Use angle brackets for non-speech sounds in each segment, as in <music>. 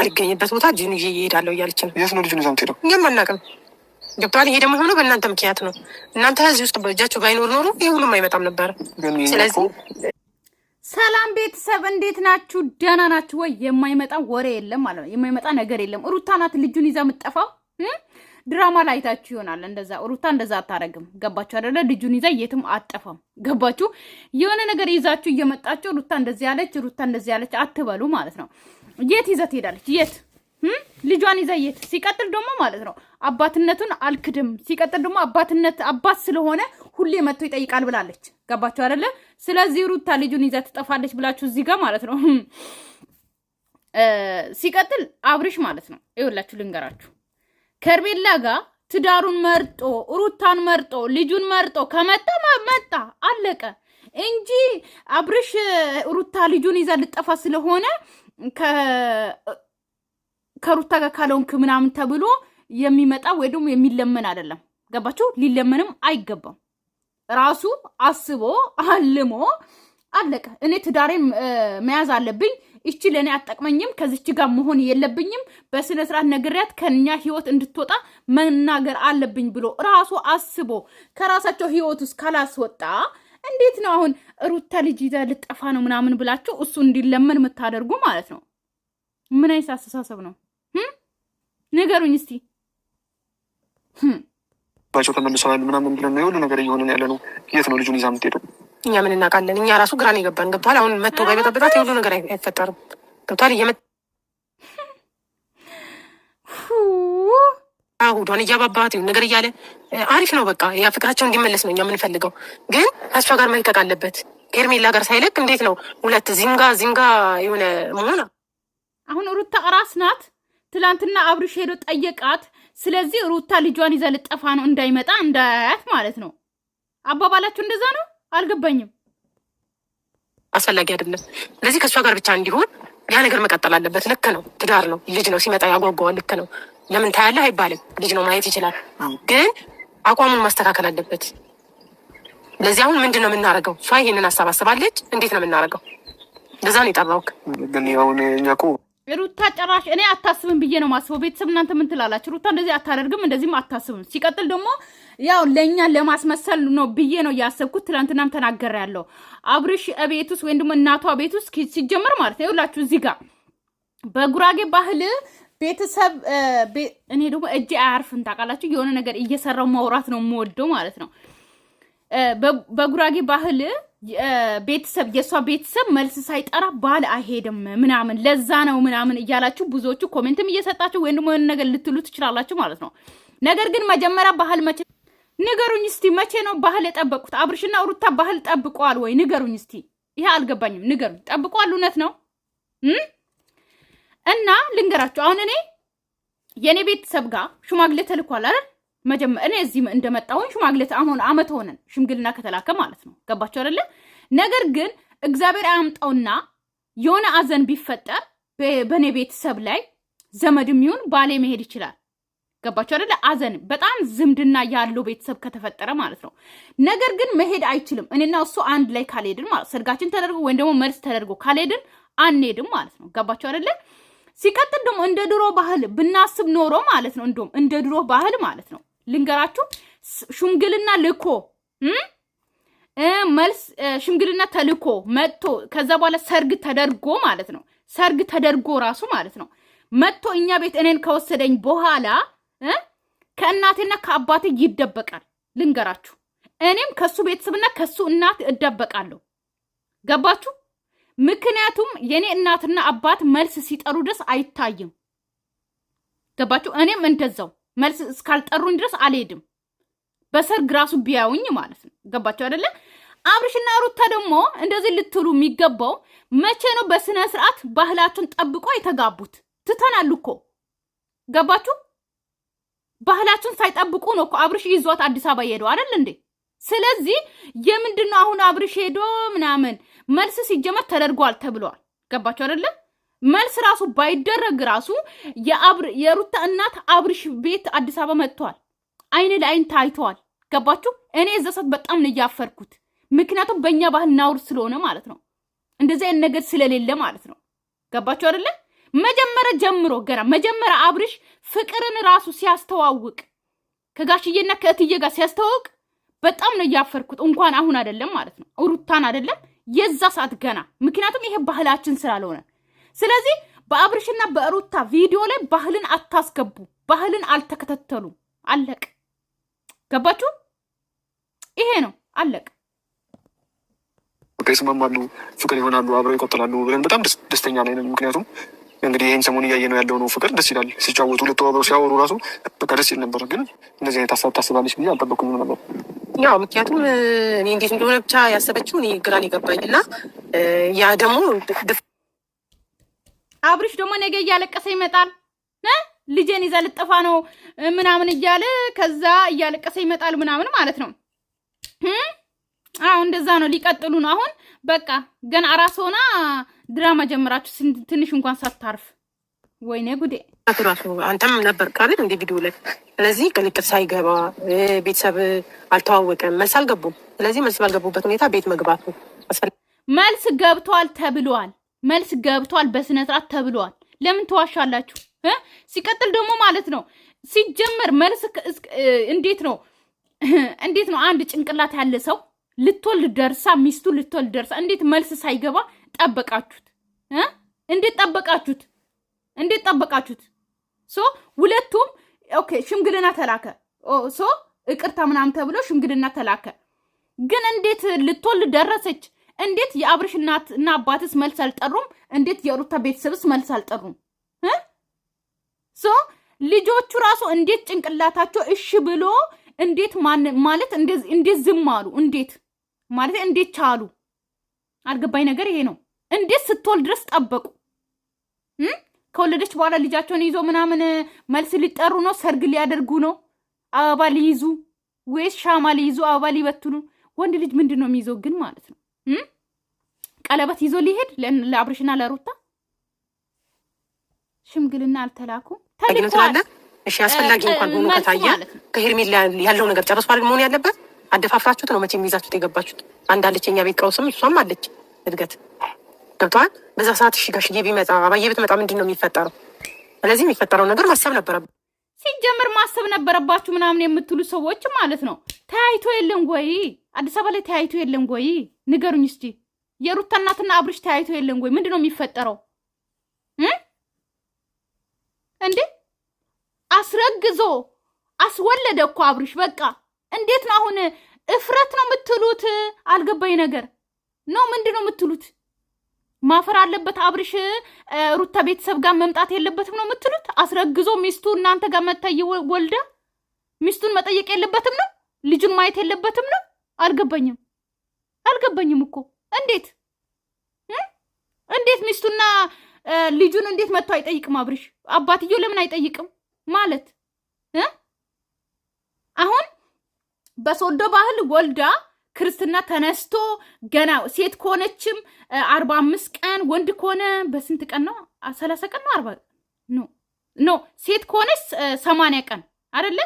አልገኝበት ቦታ ጅኑ ይዤ እሄዳለሁ እያለች ነው። የት ነው ልጁን ይዛ የምትሄደው? እኛም አናውቅም። ገብተዋል። ይሄ ደግሞ የሆነው በእናንተ ምክንያት ነው። እናንተ እዚህ ውስጥ በእጃቸው ባይኖር ኖሩ ይህ ሁሉም አይመጣም ነበር። ስለዚህ ሰላም ቤተሰብ እንዴት ናችሁ? ደህና ናችሁ ወይ? የማይመጣ ወሬ የለም ማለት ነው። የማይመጣ ነገር የለም። ሩታ ናት ልጁን ይዛ የምጠፋው። ድራማ ላይ አይታችሁ ይሆናል። እንደዛ ሩታ እንደዛ አታረግም። ገባችሁ አደለ? ልጁን ይዛ የትም አጠፋም። ገባችሁ? የሆነ ነገር ይዛችሁ እየመጣችሁ ሩታ እንደዚህ ያለች፣ ሩታ እንደዚህ ያለች አትበሉ ማለት ነው። የት ይዘህ ትሄዳለች? የት ልጇን ይዘህ የት? ሲቀጥል ደግሞ ማለት ነው አባትነቱን አልክድም። ሲቀጥል ደግሞ አባትነት አባት ስለሆነ ሁሌ መጥቶ ይጠይቃል ብላለች። ገባችሁ አይደለ? ስለዚህ ሩታ ልጁን ይዘህ ትጠፋለች ብላችሁ እዚህ ጋር ማለት ነው። ሲቀጥል አብርሽ ማለት ነው ይኸውላችሁ፣ ልንገራችሁ ከርቤላ ጋር ትዳሩን መርጦ ሩታን መርጦ ልጁን መርጦ ከመጣ መጣ አለቀ። እንጂ አብርሽ ሩታ ልጁን ይዛ ልጠፋ ስለሆነ ከሩታ ጋር ካለውንክ ምናምን ተብሎ የሚመጣ ወይ ደግሞ የሚለመን አይደለም። ገባችሁ? ሊለመንም አይገባም። ራሱ አስቦ አልሞ አለቀ። እኔ ትዳሬን መያዝ አለብኝ። እቺ ለእኔ አጠቅመኝም፣ ከዚች ጋር መሆን የለብኝም። በስነ ስርዓት ነግሬያት ከኛ ህይወት እንድትወጣ መናገር አለብኝ ብሎ ራሱ አስቦ ከራሳቸው ህይወት ውስጥ ካላስወጣ እንዴት ነው አሁን ሩታ ልጅ ይዛ ልጠፋ ነው ምናምን ብላችሁ እሱ እንዲለመን የምታደርጉ ማለት ነው? ምን አይነት አስተሳሰብ ነው? ነገሩኝ እስቲ። ባቸው ተመልሰዋል ምናምን ብለን ነው የሁሉ ነገር እየሆነ ያለ ነው። የት ነው ልጁን ይዛ የምትሄደው? እኛ ምን እናውቃለን? እኛ ራሱ ግራን የገባን ገብቷል። አሁን መጥቶ ባይበጠበጣት የሁሉ ነገር አይፈጠርም። ገብቷል እየመ አሁዷን እያባባት ነገር እያለ አሪፍ ነው። በቃ ያ ፍቅራቸው እንዲመለስ ነው እኛ የምንፈልገው። ግን ከእሷ ጋር መልቀቅ አለበት። ከኤርሜላ ጋር ሳይለቅ እንዴት ነው ሁለት ዚንጋ ዚንጋ የሆነ መሆና። አሁን ሩታ ራስ ናት። ትላንትና አብርሽ ሄዶ ጠየቃት። ስለዚህ ሩታ ልጇን ይዛ ልጠፋ ነው እንዳይመጣ እንዳያያት ማለት ነው። አባባላችሁ እንደዛ ነው። አልገባኝም። አስፈላጊ አይደለም። ስለዚህ ከእሷ ጋር ብቻ እንዲሆን ያ ነገር መቀጠል አለበት። ልክ ነው። ትዳር ነው፣ ልጅ ነው። ሲመጣ ያጓጓዋል። ልክ ነው። ለምን ታያለህ አይባልም። ልጅ ነው ማየት ይችላል፣ ግን አቋሙን ማስተካከል አለበት። ለዚህ አሁን ምንድን ነው የምናደርገው? እሷ ይሄንን አሰባስባለች እንዴት ነው የምናደርገው? እንደዛ ነው የጠራውክ። ግን ሩታ ጭራሽ እኔ አታስብም ብዬ ነው ማስበው። ቤተሰብ እናንተ ምን ትላላችሁ? ሩታ እንደዚህ አታደርግም፣ እንደዚህም አታስብም። ሲቀጥል ደግሞ ያው ለእኛ ለማስመሰል ነው ብዬ ነው እያሰብኩት ትናንትናም ተናገር ያለው አብርሽ እቤት ውስጥ ወይም ደግሞ እናቷ ቤት ውስጥ ሲጀመር ማለት ነው ሁላችሁ እዚህ ጋር በጉራጌ ባህል ቤተሰብ እኔ ደግሞ እጅ አያርፍም ታውቃላችሁ። የሆነ ነገር እየሰራው ማውራት ነው የምወደው ማለት ነው። በጉራጌ ባህል ቤተሰብ የእሷ ቤተሰብ መልስ ሳይጠራ ባል አይሄድም ምናምን ለዛ ነው ምናምን እያላችሁ ብዙዎቹ ኮሜንትም እየሰጣችሁ ወይም ደግሞ የሆነ ነገር ልትሉ ትችላላችሁ ማለት ነው። ነገር ግን መጀመሪያ ባህል መቼ ንገሩኝ እስቲ፣ መቼ ነው ባህል የጠበቁት? አብርሽና ሩታ ባህል ጠብቀዋል ወይ ንገሩኝ እስቲ። ይሄ አልገባኝም፣ ንገሩኝ። ጠብቀዋል እውነት ነው? እና ልንገራችሁ አሁን እኔ የእኔ ቤተሰብ ጋር ሽማግሌ ተልኳል አይደል? መጀመር እኔ እዚህ እንደመጣሁን ሽማግሌ አሁን አመት ሆነን ሽምግልና ከተላከ ማለት ነው። ገባችሁ አይደለ? ነገር ግን እግዚአብሔር አያምጣውና የሆነ አዘን ቢፈጠር በእኔ ቤተሰብ ላይ ዘመድም ይሁን ባሌ መሄድ ይችላል። ገባችሁ አይደለ? አዘን በጣም ዝምድና ያለው ቤተሰብ ከተፈጠረ ማለት ነው። ነገር ግን መሄድ አይችልም። እኔና እሱ አንድ ላይ ካልሄድን ማለት ሰርጋችን ተደርጎ ወይም ደግሞ መልስ ተደርጎ ካልሄድን አንሄድም ማለት ነው። ገባችሁ አይደለ? ሲቀጥል ደግሞ እንደ ድሮ ባህል ብናስብ ኖሮ ማለት ነው እንደውም እንደ ድሮ ባህል ማለት ነው ልንገራችሁ ሽምግልና ልኮ መልስ ሽምግልና ተልኮ መጥቶ ከዛ በኋላ ሰርግ ተደርጎ ማለት ነው ሰርግ ተደርጎ ራሱ ማለት ነው መጥቶ እኛ ቤት እኔን ከወሰደኝ በኋላ ከእናቴና ከአባቴ ይደበቃል። ልንገራችሁ እኔም ከሱ ቤተሰብና ከሱ እናት እደበቃለሁ። ገባችሁ? ምክንያቱም የኔ እናትና አባት መልስ ሲጠሩ ድረስ አይታይም። ገባችሁ? እኔም እንደዛው መልስ እስካልጠሩኝ ድረስ አልሄድም። በሰርግ ራሱ ቢያዩኝ ማለት ነው። ገባችሁ አይደለ? አብርሽና ሩታ ደግሞ እንደዚህ ልትሉ የሚገባው መቼ ነው? በስነ ስርዓት ባህላችን ጠብቆ የተጋቡት ትተናል እኮ ገባችሁ? ባህላችን ሳይጠብቁ ነው እኮ አብርሽ ይዟት አዲስ አበባ የሄደው አይደል እንዴ? ስለዚህ የምንድን ነው አሁን አብርሽ ሄዶ ምናምን መልስ ሲጀመር ተደርጓል ተብሏል። ገባቸው አይደለም? መልስ ራሱ ባይደረግ ራሱ የሩታ እናት አብርሽ ቤት አዲስ አበባ መጥቷል። አይን ለአይን ታይተዋል። ገባችሁ? እኔ እዛ ሰዓት በጣም እያፈርኩት። ምክንያቱም በእኛ ባህል ናውር ስለሆነ ማለት ነው፣ እንደዚህ አይነት ነገር ስለሌለ ማለት ነው። ገባችሁ አይደለ? መጀመሪያ ጀምሮ ገና መጀመሪያ አብርሽ ፍቅርን ራሱ ሲያስተዋውቅ ከጋሽዬና ከእትዬ ጋር ሲያስተዋውቅ በጣም ነው እያፈርኩት። እንኳን አሁን አይደለም ማለት ነው ሩታን አይደለም የዛ ሰዓት ገና ምክንያቱም ይሄ ባህላችን ስላልሆነ ስለዚህ በአብርሽና በሩታ ቪዲዮ ላይ ባህልን አታስገቡ። ባህልን አልተከተተሉ። አለቅ ገባችሁ? ይሄ ነው አለቅ። ይስማማሉ፣ ፍቅር ይሆናሉ፣ አብረው ይቆጥላሉ ብለን በጣም ደስተኛ ነን። ምክንያቱም እንግዲህ ይህን ሰሞን እያየ ነው ያለው ነው ፍቅር ደስ ይላል። ሲጫወቱ ሁለቱ አብረው ሲያወሩ ራሱ በቃ ደስ ይል ነበር። ግን እንደዚህ አይነት ሀሳብ ታስባለች ብዬ አልጠበኩኝም ነበር። ያው ምክንያቱም እኔ እንዴት እንደሆነ ብቻ ያሰበችው እኔ ግራን ይገባኝ እና ያ ደግሞ አብሪሽ ደግሞ ነገ እያለቀሰ ይመጣል ልጄን ይዛ ልጠፋ ነው ምናምን እያለ ከዛ እያለቀሰ ይመጣል ምናምን ማለት ነው። አሁ እንደዛ ነው ሊቀጥሉ ነው አሁን በቃ ገና አራስ ሆና ድራማ ጀምራችሁ ትንሽ እንኳን ሳታርፍ ወይኔ ጉዴ ራሱ አንተም ነበር ቃል እንዲ ቪዲዮ ላይ ስለዚህ ቅልቅል ሳይገባ ቤተሰብ አልተዋወቀም፣ መልስ አልገቡም። ስለዚህ መልስ ባልገቡበት ሁኔታ ቤት መግባቱ መልስ ገብቷል ተብሏል። መልስ ገብቷል በስነስርዓት ተብሏል። ለምን ትዋሻላችሁ? ሲቀጥል ደግሞ ማለት ነው ሲጀመር መልስ እንዴት ነው <clears throat> እንዴት ነው አንድ ጭንቅላት ያለ ሰው ልትወልድ ደርሳ ሚስቱ ልትወልድ ደርሳ እንዴት መልስ ሳይገባ ጠበቃችሁት? እንዴት ጠበቃችሁት? እንዴት ጠበቃችሁት? ሶ ሁለቱም ኦኬ፣ ሽምግልና ተላከ። ሶ ይቅርታ ምናምን ተብሎ ሽምግልና ተላከ። ግን እንዴት ልትወልድ ደረሰች? እንዴት የአብርሽ እናት እና አባትስ መልስ አልጠሩም? እንዴት የሩታ ቤተሰብስ መልስ አልጠሩም? ሶ ልጆቹ ራሱ እንዴት ጭንቅላታቸው እሺ ብሎ እንዴት ማለት እንዴት ዝም አሉ? እንዴት ማለት እንዴት ቻሉ? አልገባኝ ነገር ይሄ ነው። እንዴት ስትወልድ ድረስ ጠበቁ? ከወለደች በኋላ ልጃቸውን ይዞ ምናምን መልስ ሊጠሩ ነው፣ ሰርግ ሊያደርጉ ነው፣ አበባ ሊይዙ ወይስ ሻማ ሊይዙ አበባ ሊበትኑ? ወንድ ልጅ ምንድን ነው የሚይዘው ግን ማለት ነው? ቀለበት ይዞ ሊሄድ ለአብርሽና ለሩታ ሽምግልና አልተላኩም። ተልኳል። እሺ አስፈላጊ እንኳን ሆኖ ከታየ ከሄርሜላ ያለው ነገር ጨርሶ መሆን ያለበት አደፋፍራችሁት ነው መቼም ይዛችሁት የገባችሁት። አንድ አለች የኛ ቤት ቀውስም እሷም አለች እድገት ገብተዋል። በዛ ሰዓት እሺ ጋሽዬ ቢመጣ አባዬ ብትመጣ ምንድን ነው የሚፈጠረው? ስለዚህ የሚፈጠረው ነገር ማሰብ ነበረብን። ሲጀምር ማሰብ ነበረባችሁ ምናምን የምትሉ ሰዎች ማለት ነው። ተያይቶ የለም ወይ? አዲስ አበባ ላይ ተያይቶ የለም ወይ? ንገሩኝ እስቲ። የሩታ እናትና አብርሽ ተያይቶ የለም ወይ? ምንድን ነው የሚፈጠረው እንዴ? አስረግዞ አስወለደ እኮ አብርሽ በቃ እንዴት ነው አሁን እፍረት ነው የምትሉት? አልገባኝ ነገር ነው ምንድን ነው የምትሉት? ማፈር አለበት አብርሽ ሩታ ቤተሰብ ጋር መምጣት የለበትም ነው የምትሉት? አስረግዞ ሚስቱ እናንተ ጋር መታየ ወልዳ ሚስቱን መጠየቅ የለበትም ነው? ልጁን ማየት የለበትም ነው? አልገባኝም አልገባኝም እኮ እንዴት እንዴት ሚስቱና ልጁን እንዴት መጥቶ አይጠይቅም? አብርሽ አባትዮ ለምን አይጠይቅም ማለት አሁን በሶዶ ባህል ወልዳ ክርስትና ተነስቶ ገና ሴት ከሆነችም አርባ አምስት ቀን ወንድ ከሆነ በስንት ቀን ነው? ሰላሳ ቀን ነው? አርባ ኖ ኖ ሴት ከሆነች ሰማንያ ቀን አደለ?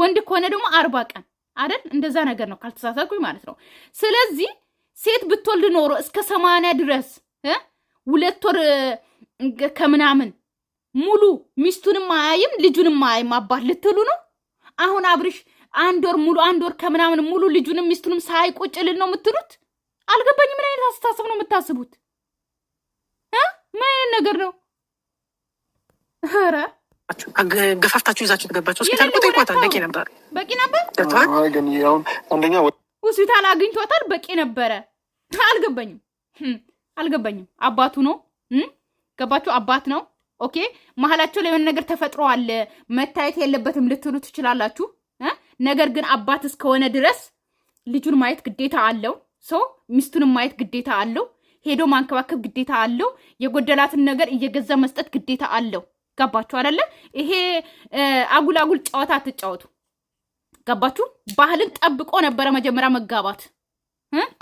ወንድ ከሆነ ደግሞ አርባ ቀን አደል? እንደዛ ነገር ነው ካልተሳሳትኩኝ ማለት ነው። ስለዚህ ሴት ብትወልድ ኖሮ እስከ ሰማንያ ድረስ ሁለት ወር ከምናምን ሙሉ ሚስቱንም አያይም ልጁንም አያይም አባት ልትሉ ነው አሁን አብርሽ አንድ ወር ሙሉ አንድ ወር ከምናምን ሙሉ ልጁንም ሚስቱንም ሳይቆጭልን ነው የምትሉት? አልገባኝ። ምን አይነት አስተሳሰብ ነው የምታስቡት? ምን አይነት ነገር ነው? ኧረ ገፋፍታችሁ ይዛችሁ የተገባቸው ሆስፒታል በቂ ነበር፣ በቂ ነበር። አንደኛ ሆስፒታል አግኝቶታል። በቂ ነበረ። አልገባኝም፣ አልገባኝም። አባቱ ነው ገባችሁ? አባት ነው። ኦኬ። መሀላቸው ላይ የሆነ ነገር ተፈጥሮ አለ መታየት የለበትም ልትሉ ትችላላችሁ። ነገር ግን አባት እስከሆነ ድረስ ልጁን ማየት ግዴታ አለው። ሰው ሚስቱንም ማየት ግዴታ አለው። ሄዶ ማንከባከብ ግዴታ አለው። የጎደላትን ነገር እየገዛ መስጠት ግዴታ አለው። ገባችሁ አይደለ? ይሄ አጉል አጉል ጨዋታ አትጫወቱ። ገባችሁ? ባህልን ጠብቆ ነበረ መጀመሪያ መጋባት።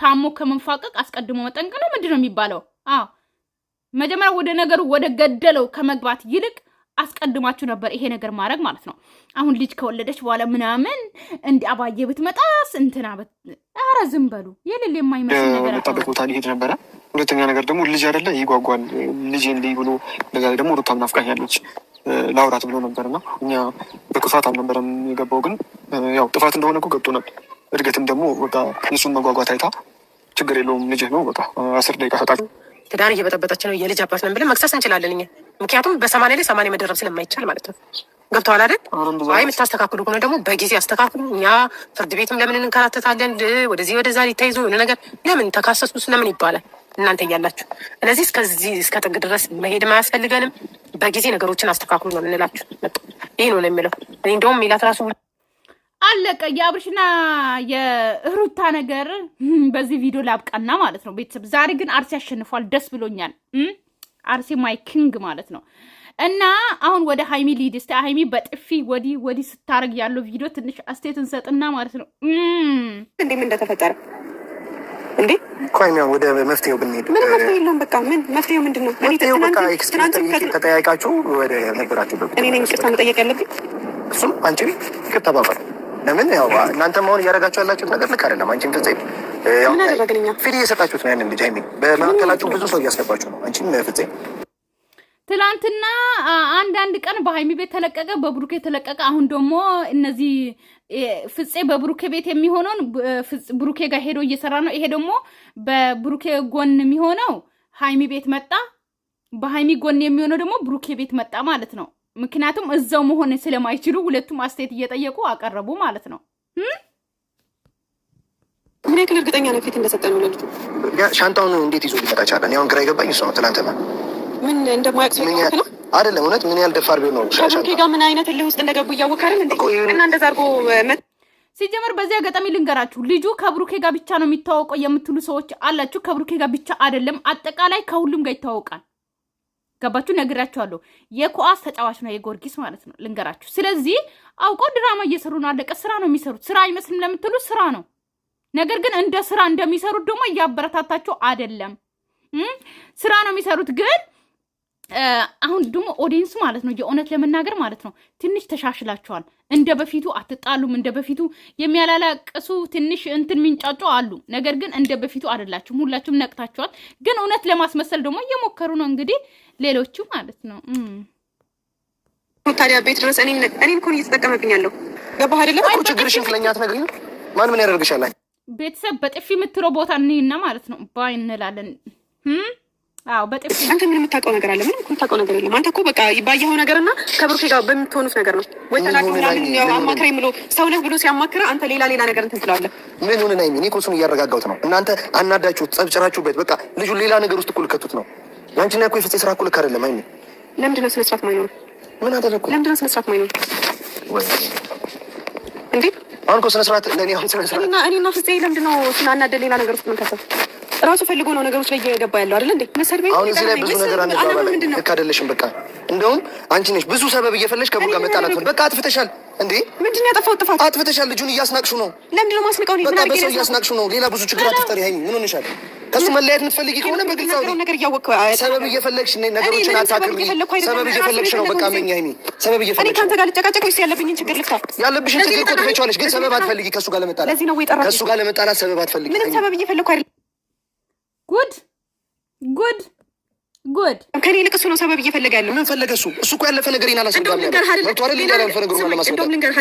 ታሞ ከመንፋቀቅ አስቀድሞ መጠንቀቅ ነው ምንድን ነው የሚባለው? አዎ መጀመሪያ ወደ ነገሩ ወደ ገደለው ከመግባት ይልቅ አስቀድማችሁ ነበር ይሄ ነገር ማድረግ ማለት ነው። አሁን ልጅ ከወለደች በኋላ ምናምን እንዲ አባዬ ብትመጣስ እንትና አረ ዝም በሉ የሌለ የማይመስል ነገር መጣበት ቦታ ሊሄድ ነበረ። ሁለተኛ ነገር ደግሞ ልጅ አደለ ይጓጓል ልጅ እንዲህ ብሎ ነገር ደግሞ ሩታ ምናፍቃኝ ያለች ለአውራት ብሎ ነበር እና እኛ በክፋት አልነበረም የገባው፣ ግን ያው ጥፋት እንደሆነ እኮ ገብቶናል። እድገትም ደግሞ በቃ የሱን መጓጓት አይታ ችግር የለውም ልጅህ ነው በቃ አስር ደቂቃ ሰጣቸው ትዳር እየበጠበጠች ነው፣ የልጅ አባት ነን ብለን መክሰስ እንችላለን። እኛ ምክንያቱም በሰማንያ ላይ ሰማንያ መደረብ ስለማይቻል ማለት ነው። ገብተዋል አይደል? አይ የምታስተካክሉ ከሆነ ደግሞ በጊዜ አስተካክሉ። እኛ ፍርድ ቤትም ለምን እንከራተታለን? ወደዚህ ወደዛ ሊታይዞ የሆነ ነገር ለምን ተካሰሱስ ለምን ይባላል? እናንተ እያላችሁ ስለዚህ እስከዚህ እስከ ጥግ ድረስ መሄድ አያስፈልገንም። በጊዜ ነገሮችን አስተካክሉ ነው የምንላችሁ። ይህ ነው የሚለው እኔ እንደውም ሚላት ራሱ አለቀ። የአብርሽና የሩታ ነገር በዚህ ቪዲዮ ላብቃና ማለት ነው። ቤተሰብ ዛሬ ግን አርሲ አሸንፏል፣ ደስ ብሎኛል። አርሲ ማይ ኪንግ ማለት ነው። እና አሁን ወደ ሀይሚ ሊድ ስ ሀይሚ በጥፊ ወዲ ወዲህ ስታደርግ ያለው ቪዲዮ ትንሽ አስቴት እንሰጥና ማለት ነው። እንዴ ምን እንደተፈጠረ እንዴ ኳይሚያ ወደ መፍትሄው ብንሄድ ምን መፍትሄ የለውም። በቃ ምን መፍትሄው ምንድን ነው? መፍትሄው በቃ ተጠያይቃችሁ ወደ ነበራችሁ እኔ ነኝ ይቅርታ መጠየቅ ያለብኝ እሱም አንቺ ይቅርታ ባባል ለምን ያው እናንተ መሆን እያደረጋችሁ ያላችሁት ነገር ልክ አይደለም። አንቺም ፍፄ ፊት እየሰጣችሁት ነው። ያንን ልጅ ሀይሚ በመካከላችሁ ብዙ ሰው እያስገባችሁ ነው። አንቺም ፍፄ ትላንትና አንዳንድ ቀን በሀይሚ ቤት ተለቀቀ፣ በብሩኬ ተለቀቀ። አሁን ደግሞ እነዚህ ፍጼ በብሩኬ ቤት የሚሆነውን ብሩኬ ጋር ሄዶ እየሰራ ነው። ይሄ ደግሞ በብሩኬ ጎን የሚሆነው ሀይሚ ቤት መጣ፣ በሀይሚ ጎን የሚሆነው ደግሞ ብሩኬ ቤት መጣ ማለት ነው። ምክንያቱም እዛው መሆን ስለማይችሉ ሁለቱም አስተያየት እየጠየቁ አቀረቡ ማለት ነው። ምን ያክል እርግጠኛ ነው ፊት እንደሰጠ ነው ለልጁ? ሻንጣውን እንዴት ይዞ ሊመጣ ቻለ? እኔ አሁን ግራ የገባኝ እሱ ነው። ትናንትና ምን እንደማያውቅ ሰው ነው አይደለም። እውነት ምን ያህል ደፋር ቢሆን ነው ከብሩኬ ጋር ምን አይነት እልህ ውስጥ እንደገቡ እያወካለን እንዴ? እና እንደዛ አድርጎ ሲጀመር በዚህ አጋጣሚ ልንገራችሁ፣ ልጁ ከብሩኬ ጋር ብቻ ነው የሚታወቀው የምትሉ ሰዎች አላችሁ። ከብሩኬ ጋር ብቻ አይደለም፣ አጠቃላይ ከሁሉም ጋር ይታወቃል። ገባችሁ? ነግራችኋለሁ። የኳስ ተጫዋች ነው የጊዮርጊስ ማለት ነው ልንገራችሁ። ስለዚህ አውቀው ድራማ እየሰሩ ነው። አለቀ። ስራ ነው የሚሰሩት። ስራ አይመስልም ለምትሉ ስራ ነው። ነገር ግን እንደ ስራ እንደሚሰሩት ደግሞ እያበረታታችሁ አይደለም። ስራ ነው የሚሰሩት ግን አሁን ደግሞ ኦዲየንሱ ማለት ነው የእውነት ለመናገር ማለት ነው ትንሽ ተሻሽላችኋል። እንደ በፊቱ አትጣሉም። እንደ በፊቱ የሚያላላቅሱ ትንሽ እንትን ሚንጫጩ አሉ። ነገር ግን እንደ በፊቱ አይደላችሁም። ሁላችሁም ነቅታችኋል። ግን እውነት ለማስመሰል ደግሞ እየሞከሩ ነው እንግዲህ ሌሎቹ ማለት ነው። ታዲያ ቤት ድረስ እኔ ኮን እየተጠቀመብኛለሁ። ገባህ አይደለም? ችግርሽን ስለኛ አትነግሪኝም። ማን ምን ያደርግሻል? ቤተሰብ በጥፊ የምትለው ቦታ እንይና ማለት ነው ባይ እንላለን። አዎ በጤፍ አንተ ምን የምታውቀው ነገር አለ? ምንም የምታውቀው ነገር የለም። አንተ እኮ በቃ ባየኸው ነገርና ከብሩኬ ጋር በምትሆኑት ነገር ነው ወይ ተላክ ምናምን ያው አማክረኝ ብሎ ሰው ነህ ብሎ ሲያማክረ አንተ ሌላ ሌላ ነገር እንትን ትላለህ። ምን ሆነ ነው? እኔ እኮ እሱን እያረጋጋሁት ነው። እናንተ አናዳችሁት፣ ጸብጭራችሁበት በቃ ልጁ ሌላ ነገር ውስጥ እኮ ልከቱት ነው። ያንቺና እኮ የፍፄ ስራ እኮ ልክ አይደለም። አይኔ ለምንድን ነው ስነ ስርዓት ማይኖር? ምን አደረኩ? ለምንድን ነው ስነ ስርዓት ማይኖር እንዴ? አሁን እኮ ስነ ስርዓት ለእኔ አሁን ስነ ስርዓት እኔና እኔና ፍፄ ለምንድን ነው ስናናደድ ሌላ ነገር ውስጥ ምንከሰብ ራሱ ፈልጎ ነው ነገሮች ላይ እየገባ ያለው አይደል እንዴ? መሰር ቤት አሁን እዚህ ላይ ብዙ ነገር አንባባለን። ልክ አይደለሽም። በቃ እንደውም አንቺ ነሽ ብዙ ሰበብ እየፈለሽ ከቡ ጋር መጣላት። በቃ አጥፍተሻል እንዴ! ምንድን ነው ያጠፋሁት? ጥፋት አጥፍተሻል። ልጁን እያስናቅሹ ነው። ለምንድን ነው ማስነቀው? በቃ በሰው እያስናቅሹ ነው። ሌላ ብዙ ችግር አትፍጠሪ። ሀይሚ ምን ሆነሻል? ከሱ መለያየት የምትፈልጊ ከሆነ በግልጽ ሰበብ እየፈለግሽ ነገሮችን አታቅሚ። ሰበብ እየፈለግሽ ነው። በቃ መኝ ሀይሚ ሰበብ እየፈለግሽ እኔ ከአንተ ጋር ልጨቃጨቅ ወይስ ያለብኝን ችግር ልፍታ? ያለብሽን ችግር እኮ ትፈጪዋለሽ፣ ግን ሰበብ አትፈልጊ። ከሱ ጋር ለመጣላት ከሱ ጋር ለመጣላት ሰበብ አትፈልጊ። ምንም ሰበብ እየፈለግኩ አይደለም ጉድ ጉድ ጉድ ከኔ ልቅሱ ነው ሰበብ እየፈለገ ያለው። ምን ፈለገ እሱ? እሱ እኮ ያለፈ ነገር አላስገባም። እንደውም ልንገርህ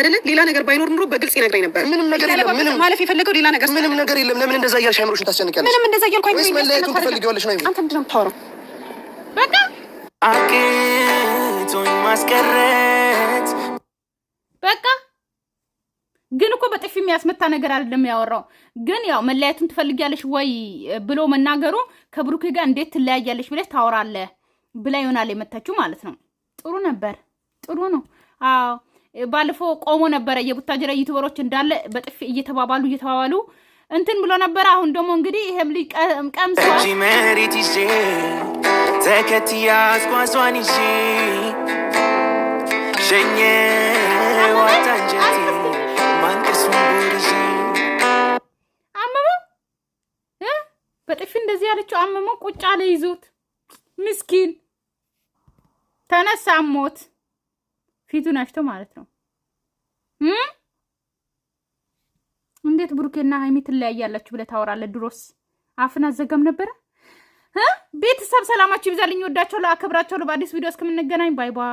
አይደለ፣ ሌላ ነገር ባይኖር ኑሮ በግልጽ ይነግረኝ ነበር። ምንም ነገር የለም። ማለፍ የፈለገው ሌላ ነገር ምንም ነገር የለም። ለምን እንደዛ እያልሽ አእምሮሽን ታስጨንቂያለሽ? ምንም እንደዛ እያልኩ ወይስ መለያየቱን ትፈልጊዋለሽ ነው? አንተ ምንድን ነው የምታወራው? በቃ አቅቶኝ ማስቀረት በቃ ግን እኮ በጥፊ የሚያስመታ ነገር አይደለም ያወራው። ግን ያው መለያየቱን ትፈልጊያለሽ ወይ ብሎ መናገሩ ከብሩኬ ጋር እንዴት ትለያያለሽ ብለሽ ታወራለህ ብላ ይሆናል የመታችው ማለት ነው። ጥሩ ነበር፣ ጥሩ ነው። አዎ ባለፈው ቆሞ ነበረ። የቡታጀራ ዩቱበሮች እንዳለ በጥፊ እየተባባሉ እየተባባሉ እንትን ብሎ ነበረ። አሁን ደግሞ እንግዲህ ይሄም ልጅ ቀምሷል። መሬት ይዤ ተከትያ አስኳሷን ይዤ ሸኘ ያለችው አመሞ ቁጭ አለ ይዞት ምስኪን ተነሳ ሞት ፊቱ ናሽቶ ማለት ነው። እንዴት ብሩኬና ሀይሚ ትለያያላችሁ ብለህ ታወራለህ? ድሮስ አፍን አዘጋም ነበረ። ቤተሰብ ሰላማችሁ ይብዛልኝ። ወዳቸው ለአከብራቸው ለበአዲስ ቪዲዮ እስከምንገናኝ ባይ ባይ።